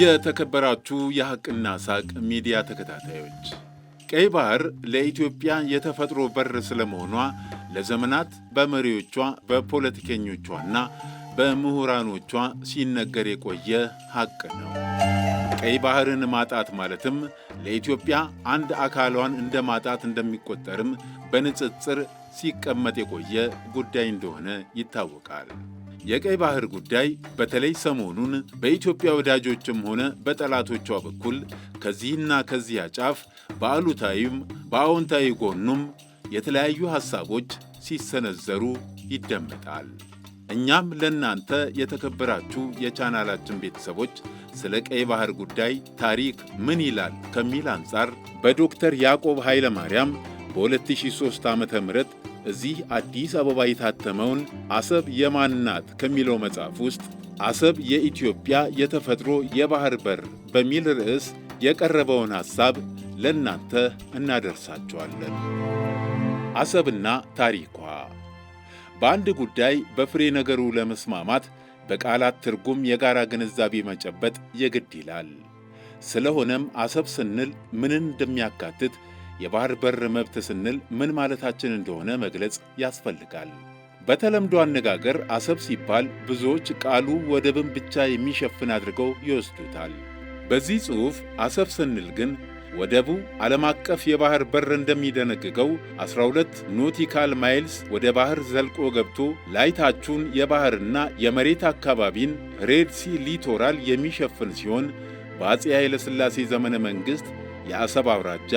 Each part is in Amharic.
የተከበራችሁ የሐቅና ሳቅ ሚዲያ ተከታታዮች ቀይ ባህር ለኢትዮጵያ የተፈጥሮ በር ስለመሆኗ ለዘመናት በመሪዎቿ በፖለቲከኞቿና በምሁራኖቿ ሲነገር የቆየ ሐቅ ነው። ቀይ ባህርን ማጣት ማለትም ለኢትዮጵያ አንድ አካሏን እንደ ማጣት እንደሚቆጠርም በንጽጽር ሲቀመጥ የቆየ ጉዳይ እንደሆነ ይታወቃል። የቀይ ባህር ጉዳይ በተለይ ሰሞኑን በኢትዮጵያ ወዳጆችም ሆነ በጠላቶቿ በኩል ከዚህና ከዚያ ጫፍ በአሉታዊም በአዎንታዊ ጎኑም የተለያዩ ሐሳቦች ሲሰነዘሩ ይደመጣል። እኛም ለእናንተ የተከበራችሁ የቻናላችን ቤተሰቦች ስለ ቀይ ባህር ጉዳይ ታሪክ ምን ይላል ከሚል አንጻር በዶክተር ያዕቆብ ኃይለ ማርያም በ2003 ዓ ም እዚህ አዲስ አበባ የታተመውን አሰብ የማን ናት ከሚለው መጽሐፍ ውስጥ አሰብ የኢትዮጵያ የተፈጥሮ የባህር በር በሚል ርዕስ የቀረበውን ሐሳብ ለእናንተ እናደርሳችኋለን። አሰብና ታሪኳ በአንድ ጉዳይ በፍሬ ነገሩ ለመስማማት በቃላት ትርጉም የጋራ ግንዛቤ መጨበጥ የግድ ይላል። ስለሆነም አሰብ ስንል ምንን እንደሚያካትት የባህር በር መብት ስንል ምን ማለታችን እንደሆነ መግለጽ ያስፈልጋል። በተለምዶ አነጋገር አሰብ ሲባል ብዙዎች ቃሉ ወደብን ብቻ የሚሸፍን አድርገው ይወስዱታል። በዚህ ጽሑፍ አሰብ ስንል ግን ወደቡ ዓለም አቀፍ የባህር በር እንደሚደነግገው 12 ኖቲካል ማይልስ ወደ ባህር ዘልቆ ገብቶ ላይታችሁን የባህርና የመሬት አካባቢን ሬድሲ ሊቶራል የሚሸፍን ሲሆን በአፄ ኃይለ ሥላሴ ዘመነ መንግሥት የአሰብ አውራጃ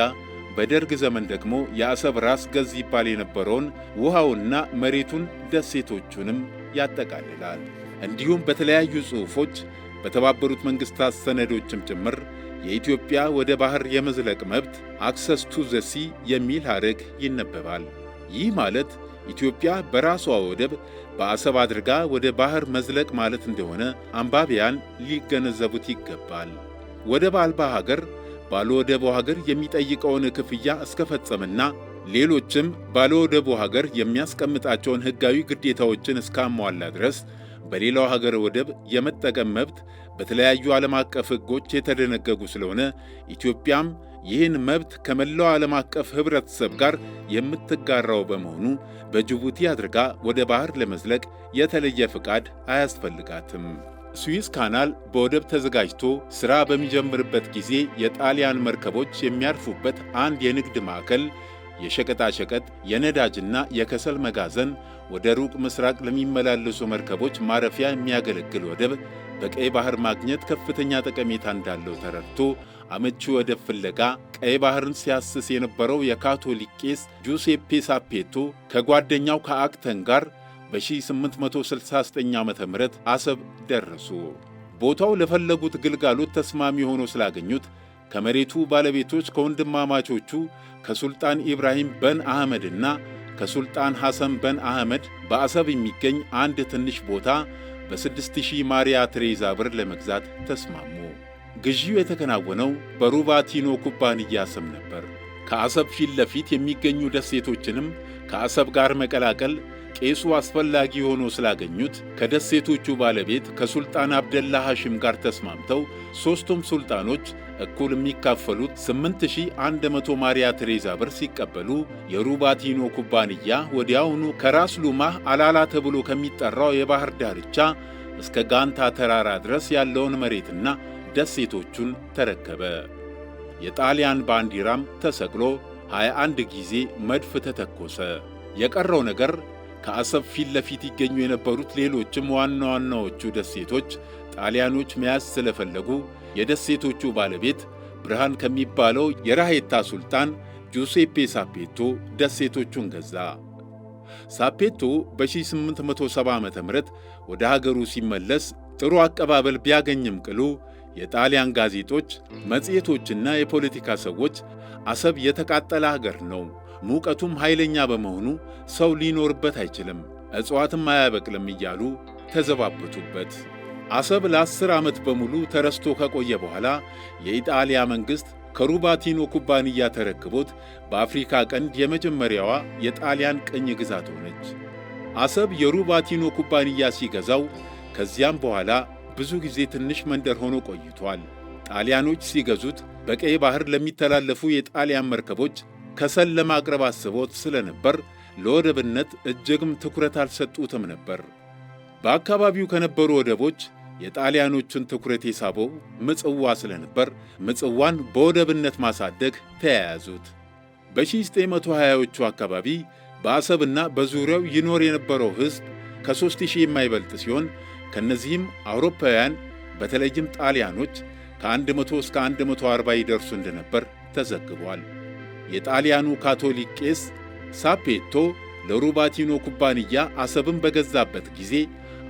በደርግ ዘመን ደግሞ የአሰብ ራስ ገዝ ይባል የነበረውን ውሃውና መሬቱን ደሴቶቹንም ያጠቃልላል። እንዲሁም በተለያዩ ጽሑፎች በተባበሩት መንግሥታት ሰነዶችም ጭምር የኢትዮጵያ ወደ ባህር የመዝለቅ መብት አክሰስ ቱ ዘሲ የሚል ሐረግ ይነበባል። ይህ ማለት ኢትዮጵያ በራሷ ወደብ በአሰብ አድርጋ ወደ ባህር መዝለቅ ማለት እንደሆነ አንባቢያን ሊገነዘቡት ይገባል። ወደብ አልባ ሀገር ባለወደቡ ሀገር የሚጠይቀውን ክፍያ እስከፈጸመና ሌሎችም ባለወደቡ ሀገር የሚያስቀምጣቸውን ሕጋዊ ግዴታዎችን እስካሟላ ድረስ በሌላው ሀገር ወደብ የመጠቀም መብት በተለያዩ ዓለም አቀፍ ሕጎች የተደነገጉ ስለሆነ ኢትዮጵያም ይህን መብት ከመላው ዓለም አቀፍ ኅብረተሰብ ጋር የምትጋራው በመሆኑ በጅቡቲ አድርጋ ወደ ባህር ለመዝለቅ የተለየ ፍቃድ አያስፈልጋትም። ስዊዝ ካናል በወደብ ተዘጋጅቶ ሥራ በሚጀምርበት ጊዜ የጣሊያን መርከቦች የሚያርፉበት አንድ የንግድ ማዕከል የሸቀጣሸቀጥ የነዳጅና የከሰል መጋዘን ወደ ሩቅ ምስራቅ ለሚመላለሱ መርከቦች ማረፊያ የሚያገለግል ወደብ በቀይ ባህር ማግኘት ከፍተኛ ጠቀሜታ እንዳለው ተረድቶ አመቺ ወደብ ፍለጋ ቀይ ባህርን ሲያስስ የነበረው የካቶሊክ ቄስ ጁሴፔ ሳፔቶ ከጓደኛው ከአክተን ጋር በ1869 ዓ ም አሰብ ደረሱ። ቦታው ለፈለጉት ግልጋሎት ተስማሚ ሆኖ ስላገኙት ከመሬቱ ባለቤቶች ከወንድማማቾቹ ከሱልጣን ኢብራሂም በን አህመድና ከሱልጣን ሐሰን በን አህመድ በአሰብ የሚገኝ አንድ ትንሽ ቦታ በ6000 ማሪያ ትሬዛ ብር ለመግዛት ተስማሙ። ግዢው የተከናወነው በሩባቲኖ ኩባንያ ስም ነበር። ከአሰብ ፊት ለፊት የሚገኙ ደሴቶችንም ከአሰብ ጋር መቀላቀል ቄሱ አስፈላጊ ሆኖ ስላገኙት ከደሴቶቹ ባለቤት ከሱልጣን አብደላ ሐሽም ጋር ተስማምተው ሦስቱም ሱልጣኖች እኩል የሚካፈሉት 8100 ማሪያ ቴሬዛ ብር ሲቀበሉ የሩባቲኖ ኩባንያ ወዲያውኑ ከራስ ሉማህ አላላ ተብሎ ከሚጠራው የባህር ዳርቻ እስከ ጋንታ ተራራ ድረስ ያለውን መሬትና ደሴቶቹን ተረከበ። የጣሊያን ባንዲራም ተሰቅሎ 21 ጊዜ መድፍ ተተኮሰ። የቀረው ነገር ከአሰብ ፊት ለፊት ይገኙ የነበሩት ሌሎችም ዋና ዋናዎቹ ደሴቶች ጣሊያኖች መያዝ ስለፈለጉ የደሴቶቹ ባለቤት ብርሃን ከሚባለው የራሄታ ሱልጣን ጁሴፔ ሳፔቶ ደሴቶቹን ገዛ። ሳፔቶ በ1870 ዓ ም ወደ ሀገሩ ሲመለስ ጥሩ አቀባበል ቢያገኝም ቅሉ የጣሊያን ጋዜጦች፣ መጽሔቶችና የፖለቲካ ሰዎች አሰብ የተቃጠለ አገር ነው ሙቀቱም ኃይለኛ በመሆኑ ሰው ሊኖርበት አይችልም፣ እጽዋትም አያበቅልም እያሉ ተዘባበቱበት። አሰብ ለአስር ዓመት በሙሉ ተረስቶ ከቆየ በኋላ የኢጣሊያ መንግሥት ከሩባቲኖ ኩባንያ ተረክቦት በአፍሪካ ቀንድ የመጀመሪያዋ የጣሊያን ቅኝ ግዛት ሆነች። አሰብ የሩባቲኖ ኩባንያ ሲገዛው ከዚያም በኋላ ብዙ ጊዜ ትንሽ መንደር ሆኖ ቆይቷል። ጣሊያኖች ሲገዙት በቀይ ባህር ለሚተላለፉ የጣሊያን መርከቦች ከሰል ለማቅረብ አስቦት ስለነበር ለወደብነት እጅግም ትኩረት አልሰጡትም ነበር። በአካባቢው ከነበሩ ወደቦች የጣሊያኖቹን ትኩረት የሳበው ምጽዋ ስለነበር ምጽዋን በወደብነት ማሳደግ ተያያዙት። በ1920ዎቹ አካባቢ በአሰብና በዙሪያው ይኖር የነበረው ሕዝብ ከ ሺህ የማይበልጥ ሲሆን ከእነዚህም አውሮፓውያን በተለይም ጣሊያኖች ከ100 እስከ 140 ይደርሱ እንደነበር ተዘግቧል። የጣሊያኑ ካቶሊክ ቄስ ሳፔቶ ለሩባቲኖ ኩባንያ አሰብን በገዛበት ጊዜ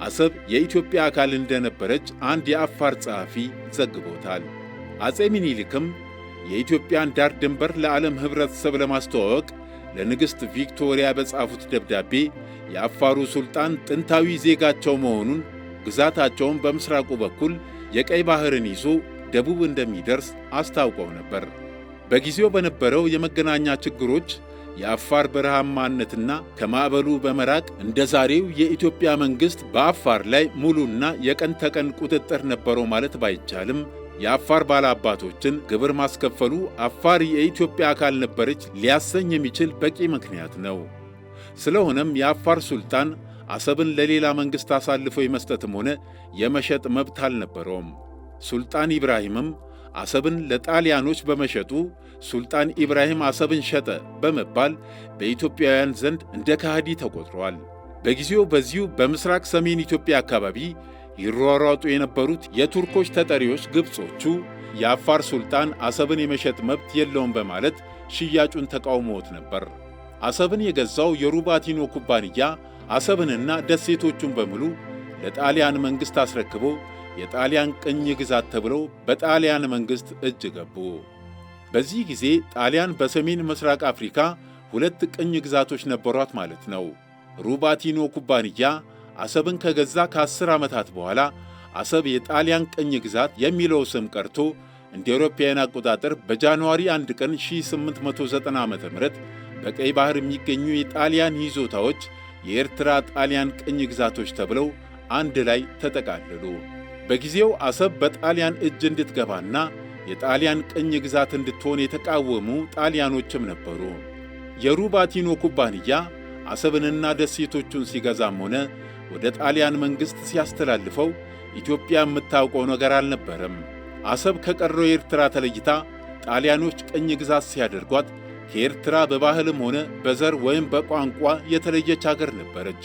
አሰብ የኢትዮጵያ አካል እንደነበረች አንድ የአፋር ጸሐፊ ዘግቦታል። አጼ ሚኒሊክም የኢትዮጵያን ዳር ድንበር ለዓለም ኅብረተሰብ ለማስተዋወቅ ለንግሥት ቪክቶሪያ በጻፉት ደብዳቤ የአፋሩ ሱልጣን ጥንታዊ ዜጋቸው መሆኑን ግዛታቸውን በምሥራቁ በኩል የቀይ ባሕርን ይዞ ደቡብ እንደሚደርስ አስታውቀው ነበር። በጊዜው በነበረው የመገናኛ ችግሮች የአፋር በረሃማነትና ከማዕበሉ በመራቅ እንደ ዛሬው የኢትዮጵያ መንግሥት በአፋር ላይ ሙሉና የቀን ተቀን ቁጥጥር ነበረው ማለት ባይቻልም የአፋር ባለአባቶችን ግብር ማስከፈሉ አፋር የኢትዮጵያ አካል ነበረች ሊያሰኝ የሚችል በቂ ምክንያት ነው። ስለሆነም የአፋር ሱልጣን አሰብን ለሌላ መንግሥት አሳልፎ የመስጠትም ሆነ የመሸጥ መብት አልነበረውም። ሱልጣን ኢብራሂምም አሰብን ለጣሊያኖች በመሸጡ ሱልጣን ኢብራሂም አሰብን ሸጠ በመባል በኢትዮጵያውያን ዘንድ እንደ ካህዲ ተቆጥረዋል። በጊዜው በዚሁ በምስራቅ ሰሜን ኢትዮጵያ አካባቢ ይሯሯጡ የነበሩት የቱርኮች ተጠሪዎች ግብጾቹ የአፋር ሱልጣን አሰብን የመሸጥ መብት የለውም በማለት ሽያጩን ተቃውሞት ነበር። አሰብን የገዛው የሩባቲኖ ኩባንያ አሰብንና ደሴቶቹን በሙሉ ለጣሊያን መንግሥት አስረክቦ የጣሊያን ቅኝ ግዛት ተብለው በጣሊያን መንግሥት እጅ ገቡ። በዚህ ጊዜ ጣሊያን በሰሜን ምስራቅ አፍሪካ ሁለት ቅኝ ግዛቶች ነበሯት ማለት ነው። ሩባቲኖ ኩባንያ አሰብን ከገዛ ከአስር ዓመታት በኋላ አሰብ የጣሊያን ቅኝ ግዛት የሚለው ስም ቀርቶ እንደ አውሮፓውያን አቆጣጠር በጃንዋሪ 1 ቀን 1890 ዓ ም በቀይ ባህር የሚገኙ የጣሊያን ይዞታዎች የኤርትራ ጣሊያን ቅኝ ግዛቶች ተብለው አንድ ላይ ተጠቃለሉ። በጊዜው አሰብ በጣሊያን እጅ እንድትገባና የጣሊያን ቅኝ ግዛት እንድትሆን የተቃወሙ ጣሊያኖችም ነበሩ። የሩባቲኖ ኩባንያ አሰብንና ደሴቶቹን ሲገዛም ሆነ ወደ ጣሊያን መንግሥት ሲያስተላልፈው ኢትዮጵያ የምታውቀው ነገር አልነበረም። አሰብ ከቀረው የኤርትራ ተለይታ ጣሊያኖች ቅኝ ግዛት ሲያደርጓት ከኤርትራ በባህልም ሆነ በዘር ወይም በቋንቋ የተለየች አገር ነበረች።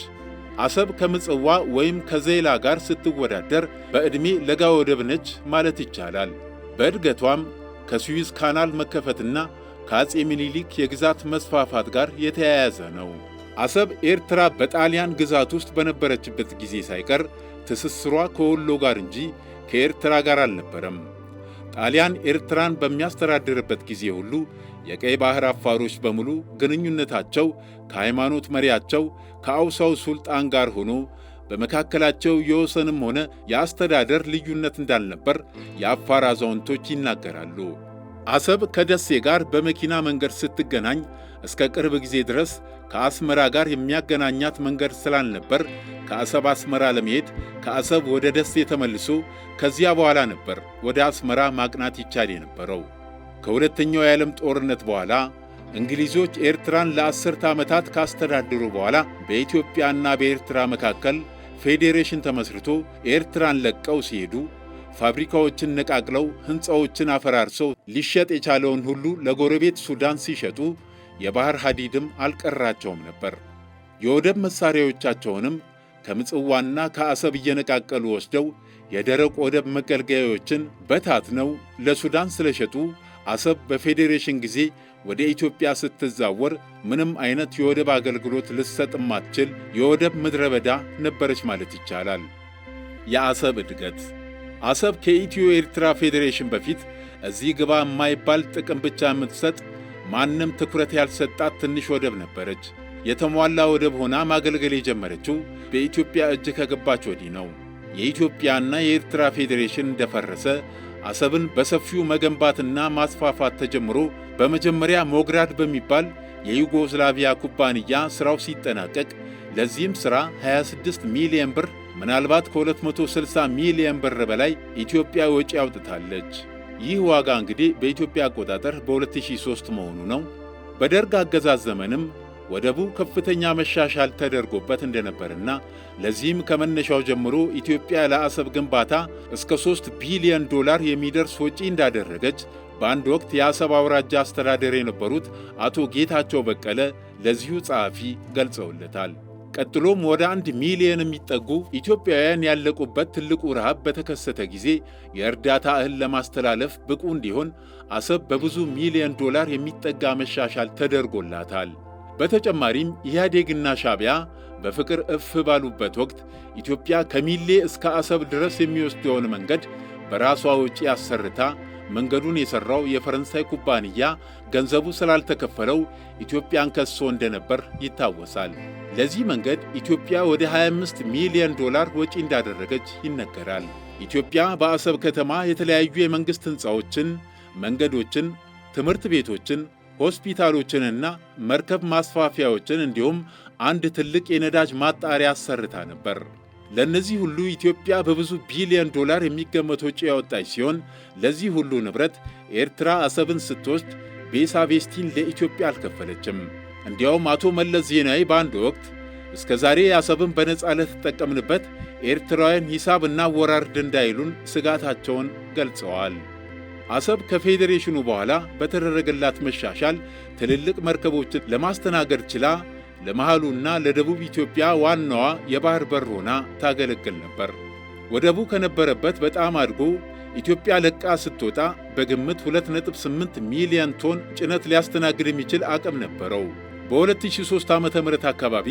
አሰብ ከምጽዋ ወይም ከዜላ ጋር ስትወዳደር በዕድሜ ለጋ ወደብ ነች ማለት ይቻላል። በእድገቷም ከስዊዝ ካናል መከፈትና ከአጼ ሚኒሊክ የግዛት መስፋፋት ጋር የተያያዘ ነው። አሰብ ኤርትራ በጣሊያን ግዛት ውስጥ በነበረችበት ጊዜ ሳይቀር ትስስሯ ከወሎ ጋር እንጂ ከኤርትራ ጋር አልነበረም። ጣሊያን ኤርትራን በሚያስተዳድርበት ጊዜ ሁሉ የቀይ ባሕር አፋሮች በሙሉ ግንኙነታቸው ከሃይማኖት መሪያቸው ከአውሳው ሱልጣን ጋር ሆኖ በመካከላቸው የወሰንም ሆነ የአስተዳደር ልዩነት እንዳልነበር የአፋር አዛውንቶች ይናገራሉ። አሰብ ከደሴ ጋር በመኪና መንገድ ስትገናኝ እስከ ቅርብ ጊዜ ድረስ ከአስመራ ጋር የሚያገናኛት መንገድ ስላልነበር ከአሰብ አስመራ ለመሄድ ከአሰብ ወደ ደሴ ተመልሶ ከዚያ በኋላ ነበር ወደ አስመራ ማቅናት ይቻል የነበረው። ከሁለተኛው የዓለም ጦርነት በኋላ እንግሊዞች ኤርትራን ለአስርተ ዓመታት ካስተዳደሩ በኋላ በኢትዮጵያና በኤርትራ መካከል ፌዴሬሽን ተመስርቶ ኤርትራን ለቀው ሲሄዱ ፋብሪካዎችን ነቃቅለው ሕንፃዎችን አፈራርሰው ሊሸጥ የቻለውን ሁሉ ለጎረቤት ሱዳን ሲሸጡ የባህር ሐዲድም አልቀራቸውም ነበር። የወደብ መሣሪያዎቻቸውንም ከምጽዋና ከአሰብ እየነቃቀሉ ወስደው የደረቅ ወደብ መገልገያዎችን በታትነው ለሱዳን ስለሸጡ አሰብ በፌዴሬሽን ጊዜ ወደ ኢትዮጵያ ስትዛወር ምንም አይነት የወደብ አገልግሎት ልትሰጥ የማትችል የወደብ ምድረ በዳ ነበረች ማለት ይቻላል። የአሰብ እድገት አሰብ ከኢትዮ ኤርትራ ፌዴሬሽን በፊት እዚህ ግባ የማይባል ጥቅም ብቻ የምትሰጥ ማንም ትኩረት ያልሰጣት ትንሽ ወደብ ነበረች። የተሟላ ወደብ ሆና ማገልገል የጀመረችው በኢትዮጵያ እጅ ከገባች ወዲህ ነው። የኢትዮጵያና የኤርትራ ፌዴሬሽን እንደፈረሰ አሰብን በሰፊው መገንባትና ማስፋፋት ተጀምሮ በመጀመሪያ ሞግራድ በሚባል የዩጎስላቪያ ኩባንያ ሥራው ሲጠናቀቅ ለዚህም ሥራ 26 ሚሊየን ብር ምናልባት ከ260 ሚሊየን ብር በላይ ኢትዮጵያ ወጪ አውጥታለች። ይህ ዋጋ እንግዲህ በኢትዮጵያ አቆጣጠር በ2003 መሆኑ ነው። በደርግ አገዛዝ ዘመንም ወደቡ ከፍተኛ መሻሻል ተደርጎበት እንደነበርና ለዚህም ከመነሻው ጀምሮ ኢትዮጵያ ለአሰብ ግንባታ እስከ 3 ቢሊዮን ዶላር የሚደርስ ወጪ እንዳደረገች በአንድ ወቅት የአሰብ አውራጃ አስተዳደር የነበሩት አቶ ጌታቸው በቀለ ለዚሁ ጸሐፊ ገልጸውለታል። ቀጥሎም ወደ አንድ ሚሊየን የሚጠጉ ኢትዮጵያውያን ያለቁበት ትልቁ ረሃብ በተከሰተ ጊዜ የእርዳታ እህል ለማስተላለፍ ብቁ እንዲሆን አሰብ በብዙ ሚሊዮን ዶላር የሚጠጋ መሻሻል ተደርጎላታል። በተጨማሪም ኢህአዴግና ሻቢያ በፍቅር እፍ ባሉበት ወቅት ኢትዮጵያ ከሚሌ እስከ አሰብ ድረስ የሚወስደውን መንገድ በራሷ ውጪ አሰርታ መንገዱን የሠራው የፈረንሳይ ኩባንያ ገንዘቡ ስላልተከፈለው ኢትዮጵያን ከሶ እንደነበር ይታወሳል። ለዚህ መንገድ ኢትዮጵያ ወደ 25 ሚሊዮን ዶላር ወጪ እንዳደረገች ይነገራል። ኢትዮጵያ በአሰብ ከተማ የተለያዩ የመንግሥት ሕንፃዎችን፣ መንገዶችን፣ ትምህርት ቤቶችን ሆስፒታሎችንና መርከብ ማስፋፊያዎችን እንዲሁም አንድ ትልቅ የነዳጅ ማጣሪያ አሰርታ ነበር። ለእነዚህ ሁሉ ኢትዮጵያ በብዙ ቢሊዮን ዶላር የሚገመት ወጪ ያወጣች ሲሆን ለዚህ ሁሉ ንብረት ኤርትራ አሰብን ስትወስድ ቤሳቤስቲን ለኢትዮጵያ አልከፈለችም። እንዲያውም አቶ መለስ ዜናዊ በአንድ ወቅት እስከ ዛሬ አሰብን በነጻ ለተጠቀምንበት ኤርትራውያን ሂሳብ እናወራርድ እንዳይሉን ስጋታቸውን ገልጸዋል። አሰብ ከፌዴሬሽኑ በኋላ በተደረገላት መሻሻል ትልልቅ መርከቦችን ለማስተናገድ ችላ ለመሃሉና ለደቡብ ኢትዮጵያ ዋናዋ የባህር በር ሆና ታገለግል ነበር። ወደቡ ከነበረበት በጣም አድጎ ኢትዮጵያ ለቃ ስትወጣ በግምት 2.8 ሚሊዮን ቶን ጭነት ሊያስተናግድ የሚችል አቅም ነበረው። በ2003 ዓ ም አካባቢ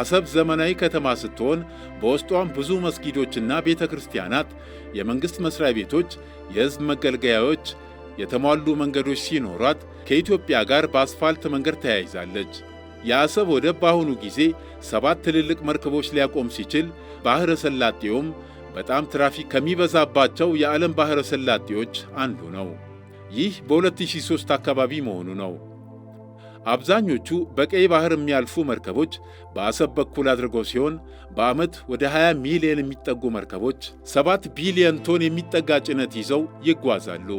አሰብ ዘመናዊ ከተማ ስትሆን በውስጧም ብዙ መስጊዶችና ቤተ ክርስቲያናት፣ የመንግሥት መሥሪያ ቤቶች፣ የሕዝብ መገልገያዎች፣ የተሟሉ መንገዶች ሲኖሯት ከኢትዮጵያ ጋር በአስፋልት መንገድ ተያይዛለች። የአሰብ ወደብ በአሁኑ ጊዜ ሰባት ትልልቅ መርከቦች ሊያቆም ሲችል ባሕረ ሰላጤውም በጣም ትራፊክ ከሚበዛባቸው የዓለም ባሕረ ሰላጤዎች አንዱ ነው። ይህ በ2003 አካባቢ መሆኑ ነው። አብዛኞቹ በቀይ ባህር የሚያልፉ መርከቦች በአሰብ በኩል አድርገው ሲሆን በዓመት ወደ 20 ሚሊዮን የሚጠጉ መርከቦች 7 ቢሊዮን ቶን የሚጠጋ ጭነት ይዘው ይጓዛሉ።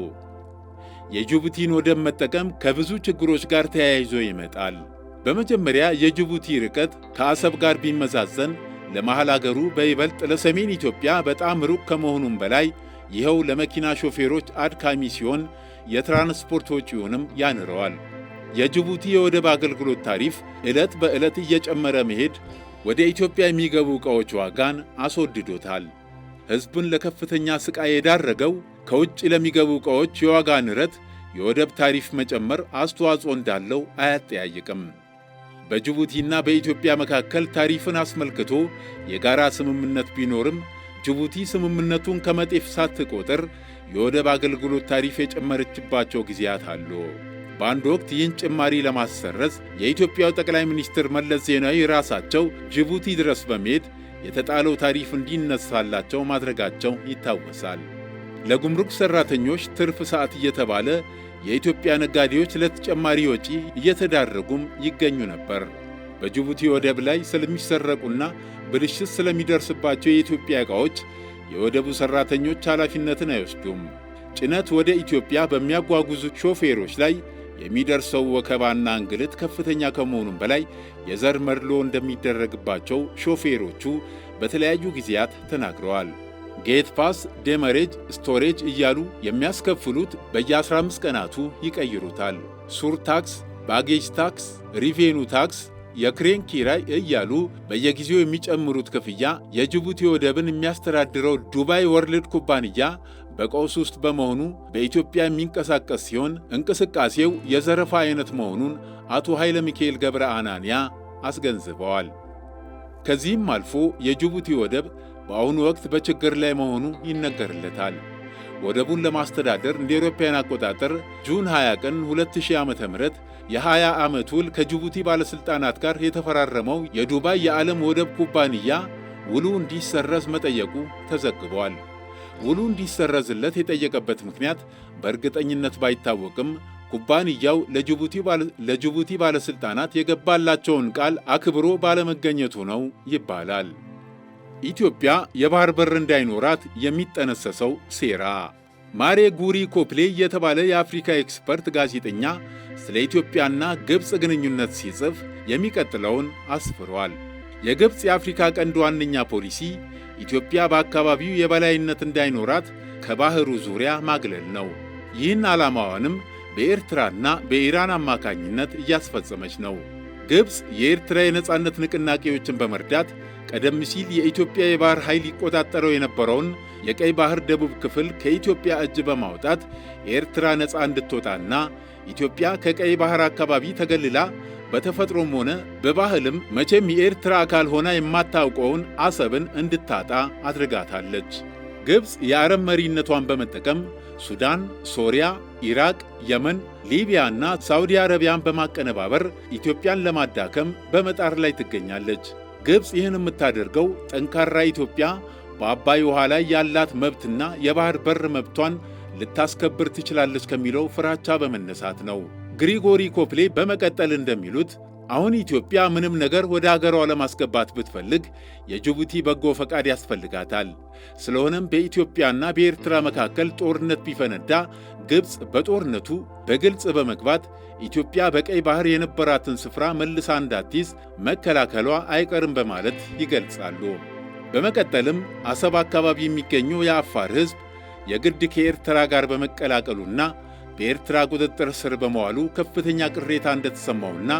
የጅቡቲን ወደብ መጠቀም ከብዙ ችግሮች ጋር ተያይዞ ይመጣል። በመጀመሪያ የጅቡቲ ርቀት ከአሰብ ጋር ቢመዛዘን ለመሐል አገሩ በይበልጥ ለሰሜን ኢትዮጵያ በጣም ሩቅ ከመሆኑም በላይ ይኸው ለመኪና ሾፌሮች አድካሚ ሲሆን የትራንስፖርት ወጪውንም ያንረዋል። የጅቡቲ የወደብ አገልግሎት ታሪፍ ዕለት በዕለት እየጨመረ መሄድ ወደ ኢትዮጵያ የሚገቡ ዕቃዎች ዋጋን አስወድዶታል። ሕዝቡን ለከፍተኛ ሥቃይ የዳረገው ከውጭ ለሚገቡ ዕቃዎች የዋጋ ንረት የወደብ ታሪፍ መጨመር አስተዋጽኦ እንዳለው አያጠያይቅም። በጅቡቲና በኢትዮጵያ መካከል ታሪፍን አስመልክቶ የጋራ ስምምነት ቢኖርም ጅቡቲ ስምምነቱን ከመጤፍ ሳትቆጥር የወደብ አገልግሎት ታሪፍ የጨመረችባቸው ጊዜያት አሉ። በአንድ ወቅት ይህን ጭማሪ ለማሰረዝ የኢትዮጵያው ጠቅላይ ሚኒስትር መለስ ዜናዊ ራሳቸው ጅቡቲ ድረስ በመሄድ የተጣለው ታሪፍ እንዲነሳላቸው ማድረጋቸው ይታወሳል። ለጉምሩክ ሠራተኞች ትርፍ ሰዓት እየተባለ የኢትዮጵያ ነጋዴዎች ለተጨማሪ ወጪ እየተዳረጉም ይገኙ ነበር። በጅቡቲ ወደብ ላይ ስለሚሰረቁና ብልሽት ስለሚደርስባቸው የኢትዮጵያ ዕቃዎች የወደቡ ሠራተኞች ኃላፊነትን አይወስዱም። ጭነት ወደ ኢትዮጵያ በሚያጓጉዙ ሾፌሮች ላይ የሚደርሰው ወከባና እንግልት ከፍተኛ ከመሆኑም በላይ የዘር መድሎ እንደሚደረግባቸው ሾፌሮቹ በተለያዩ ጊዜያት ተናግረዋል። ጌት ፓስ፣ ዴመሬጅ፣ ስቶሬጅ እያሉ የሚያስከፍሉት በየ15 ቀናቱ ይቀይሩታል። ሱር ታክስ፣ ባጌጅ ታክስ፣ ሪቬኑ ታክስ የክሬን ኪራይ እያሉ በየጊዜው የሚጨምሩት ክፍያ የጅቡቲ ወደብን የሚያስተዳድረው ዱባይ ወርልድ ኩባንያ በቀውስ ውስጥ በመሆኑ በኢትዮጵያ የሚንቀሳቀስ ሲሆን እንቅስቃሴው የዘረፋ አይነት መሆኑን አቶ ኃይለ ሚካኤል ገብረ አናንያ አስገንዝበዋል። ከዚህም አልፎ የጅቡቲ ወደብ በአሁኑ ወቅት በችግር ላይ መሆኑ ይነገርለታል። ወደቡን ለማስተዳደር እንደ አውሮፓውያን አቆጣጠር ጁን 20 ቀን 2000 ዓ ም የ20 ዓመት ውል ከጅቡቲ ባለሥልጣናት ጋር የተፈራረመው የዱባይ የዓለም ወደብ ኩባንያ ውሉ እንዲሰረዝ መጠየቁ ተዘግቧል። ውሉ እንዲሰረዝለት የጠየቀበት ምክንያት በእርግጠኝነት ባይታወቅም ኩባንያው ለጅቡቲ ባለሥልጣናት የገባላቸውን ቃል አክብሮ ባለመገኘቱ ነው ይባላል። ኢትዮጵያ የባህር በር እንዳይኖራት የሚጠነሰሰው ሴራ። ማሬ ጉሪ ኮፕሌ የተባለ የአፍሪካ ኤክስፐርት ጋዜጠኛ ስለ ኢትዮጵያና ግብፅ ግንኙነት ሲጽፍ የሚቀጥለውን አስፍሯል። የግብፅ የአፍሪካ ቀንድ ዋነኛ ፖሊሲ ኢትዮጵያ በአካባቢው የበላይነት እንዳይኖራት ከባህሩ ዙሪያ ማግለል ነው። ይህን ዓላማዋንም በኤርትራና በኢራን አማካኝነት እያስፈጸመች ነው። ግብፅ የኤርትራ የነፃነት ንቅናቄዎችን በመርዳት ቀደም ሲል የኢትዮጵያ የባሕር ኃይል ይቆጣጠረው የነበረውን የቀይ ባሕር ደቡብ ክፍል ከኢትዮጵያ እጅ በማውጣት ኤርትራ ነፃ እንድትወጣና ኢትዮጵያ ከቀይ ባሕር አካባቢ ተገልላ በተፈጥሮም ሆነ በባህልም መቼም የኤርትራ አካል ሆና የማታውቀውን አሰብን እንድታጣ አድርጋታለች። ግብፅ የአረብ መሪነቷን በመጠቀም ሱዳን፣ ሶሪያ፣ ኢራቅ፣ የመን፣ ሊቢያ እና ሳውዲ አረቢያን በማቀነባበር ኢትዮጵያን ለማዳከም በመጣር ላይ ትገኛለች። ግብፅ ይህን የምታደርገው ጠንካራ ኢትዮጵያ በአባይ ውኃ ላይ ያላት መብትና የባህር በር መብቷን ልታስከብር ትችላለች ከሚለው ፍራቻ በመነሳት ነው። ግሪጎሪ ኮፕሌ በመቀጠል እንደሚሉት አሁን ኢትዮጵያ ምንም ነገር ወደ አገሯ ለማስገባት ብትፈልግ የጅቡቲ በጎ ፈቃድ ያስፈልጋታል። ስለሆነም በኢትዮጵያና በኤርትራ መካከል ጦርነት ቢፈነዳ ግብፅ በጦርነቱ በግልጽ በመግባት ኢትዮጵያ በቀይ ባህር የነበራትን ስፍራ መልሳ እንዳትይዝ መከላከሏ አይቀርም በማለት ይገልጻሉ። በመቀጠልም አሰብ አካባቢ የሚገኘው የአፋር ሕዝብ የግድ ከኤርትራ ጋር በመቀላቀሉና በኤርትራ ቁጥጥር ስር በመዋሉ ከፍተኛ ቅሬታ እንደተሰማውና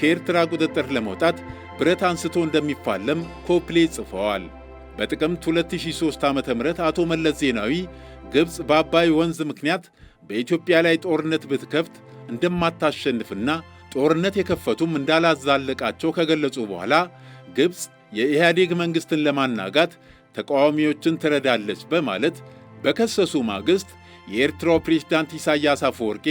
ከኤርትራ ቁጥጥር ለመውጣት ብረት አንስቶ እንደሚፋለም ኮፕሌ ጽፈዋል። በጥቅምት 2003 ዓ ም አቶ መለስ ዜናዊ ግብፅ በአባይ ወንዝ ምክንያት በኢትዮጵያ ላይ ጦርነት ብትከፍት እንደማታሸንፍና ጦርነት የከፈቱም እንዳላዛለቃቸው ከገለጹ በኋላ ግብፅ የኢህአዴግ መንግሥትን ለማናጋት ተቃዋሚዎችን ትረዳለች በማለት በከሰሱ ማግስት የኤርትራው ፕሬዝዳንት ኢሳያስ አፈወርቄ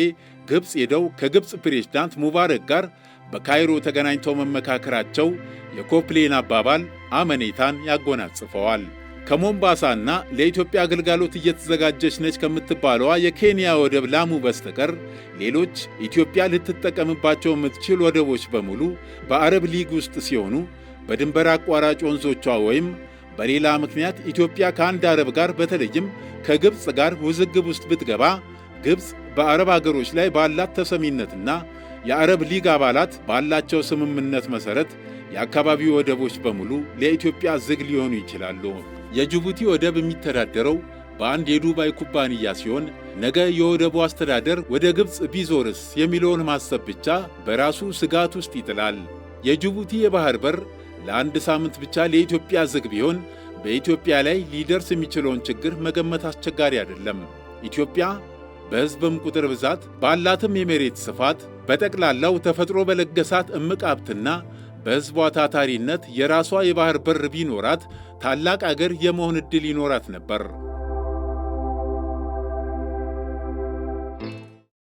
ግብፅ ሄደው ከግብፅ ፕሬዝዳንት ሙባረክ ጋር በካይሮ ተገናኝተው መመካከራቸው የኮፕሌን አባባል አመኔታን ያጎናጽፈዋል። ከሞምባሳና ለኢትዮጵያ አገልጋሎት እየተዘጋጀች ነች ከምትባለዋ የኬንያ ወደብ ላሙ በስተቀር ሌሎች ኢትዮጵያ ልትጠቀምባቸው የምትችል ወደቦች በሙሉ በአረብ ሊግ ውስጥ ሲሆኑ በድንበር አቋራጭ ወንዞቿ ወይም በሌላ ምክንያት ኢትዮጵያ ከአንድ አረብ ጋር በተለይም ከግብፅ ጋር ውዝግብ ውስጥ ብትገባ ግብፅ በአረብ አገሮች ላይ ባላት ተሰሚነትና የአረብ ሊግ አባላት ባላቸው ስምምነት መሠረት የአካባቢው ወደቦች በሙሉ ለኢትዮጵያ ዝግ ሊሆኑ ይችላሉ። የጅቡቲ ወደብ የሚተዳደረው በአንድ የዱባይ ኩባንያ ሲሆን ነገ የወደቡ አስተዳደር ወደ ግብፅ ቢዞርስ የሚለውን ማሰብ ብቻ በራሱ ስጋት ውስጥ ይጥላል። የጅቡቲ የባህር በር ለአንድ ሳምንት ብቻ ለኢትዮጵያ ዝግ ቢሆን በኢትዮጵያ ላይ ሊደርስ የሚችለውን ችግር መገመት አስቸጋሪ አይደለም። ኢትዮጵያ በሕዝብም ቁጥር ብዛት ባላትም የመሬት ስፋት በጠቅላላው ተፈጥሮ በለገሳት እምቅ ሀብትና በሕዝቧ ታታሪነት የራሷ የባህር በር ቢኖራት ታላቅ አገር የመሆን ዕድል ይኖራት ነበር።